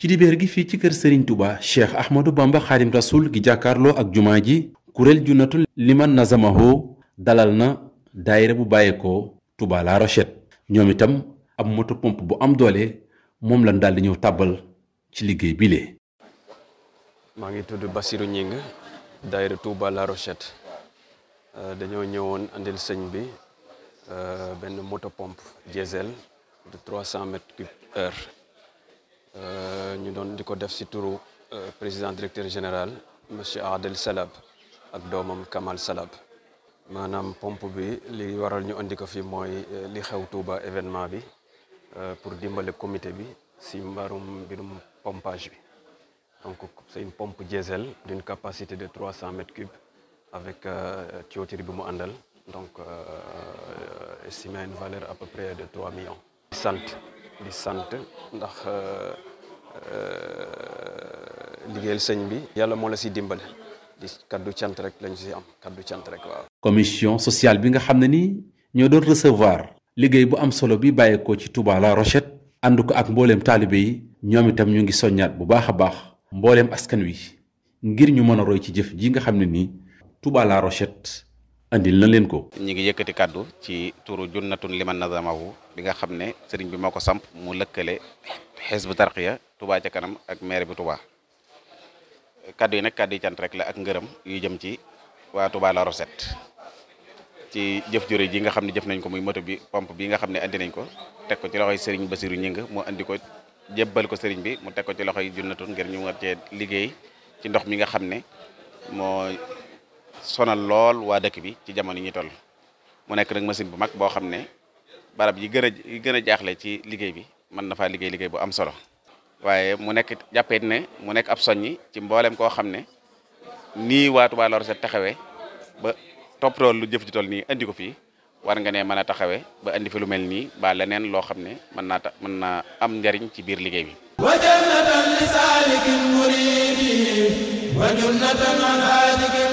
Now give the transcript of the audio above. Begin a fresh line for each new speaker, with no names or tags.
ci dibéer gi fii ci kër sëriñ Touba Cheikh Ahmadou Bamba Xaadim Rasul gi jàkkaarloo ak jumaa ji kuréel junnatul liman nazamaho dalal na daayira bu bàyyeekoo Touba La Rochette ñoom itam ab moto bu am doole moom lañ daal di ñëw tàbbal ci liggéey bile.
maa ngi tudd Basirou Ñing daayira Touba La Rochette euh, dañoo ñëwoon andil sëñ bi euh, benn moto pompe de trois cent mètres cube heure euh, ñu doon di ko def si turu euh, président directeur général monsieur Adel Salab ak doomam Kamal Salab maanaam pompe bi li waral ñu andi ko fi mooy euh, li xew tuuba événement bi pour dimbale comité bi si mbarum mbirum pompage bi donc c'est une pompe diesel d'une capacité de trois cent mètres cubes avec tuyauterie bi mu àndal donc estimé à une valeur à peu près de trois millions sant di sant ndax euh, euh, liggéeyal sëñ bi yàlla moo la si dimbale di kaddu cant rek lañ si am kaddu cant rek
commission sociale bi nga xam ne nii ñoo doon recevoir liggéey bu am solo bi bàyyeekoo ci Touba La Rochette ànd ko ak mbooleem taalibe yi ñoom itam ñu ngi soññaat bu baax a baax mbooleem askan wi ngir ñu mën a roy ci jëf ji nga xam ne nii Touba Rochette. andil na leen ko.
ñi ngi yëkkati kàddu ci turu junnatun liman nazamahu bi nga xam ne sëriñ bi moo ko samp mu lëkkale xisbu ya tubaa ca kanam ak maire bi tubaa kàddu yi nag kàddu yi cant rek la ak ngërëm yu jëm ci waa tubaa la Rosette ci jëf jure ji nga xam ne jëf nañ ko muy moto bi pompe bi nga xam ne andi nañ ko teg ko ci loxoy sëriñ Basiru Ñing mu indi ko jébbal ko sëriñ bi mu teg ko ci loxoy junnatun ngir ñu war cee liggéey ci ndox mi nga xam ne moo sonal lool waa dëkk bi ci jamono yi ñu mu nekk nag machine bu mag boo xam ne barab yi gën gën a jaaxle ci liggéey bi mën na faa liggéey liggéey bu am solo waaye mu nekk jàppeet ne mu nekk ab soññi ci mboolem koo xam ne nii waa Touba Lorset taxawee ba topp toppatoo lu jëf ji toll nii andi ko fii war nga ne mën a taxawee ba indi fi lu mel nii ba leneen loo xam ne mën naa ta mën naa am njariñ ci biir liggéey bi.
wa jannatan li saalikin muridi wa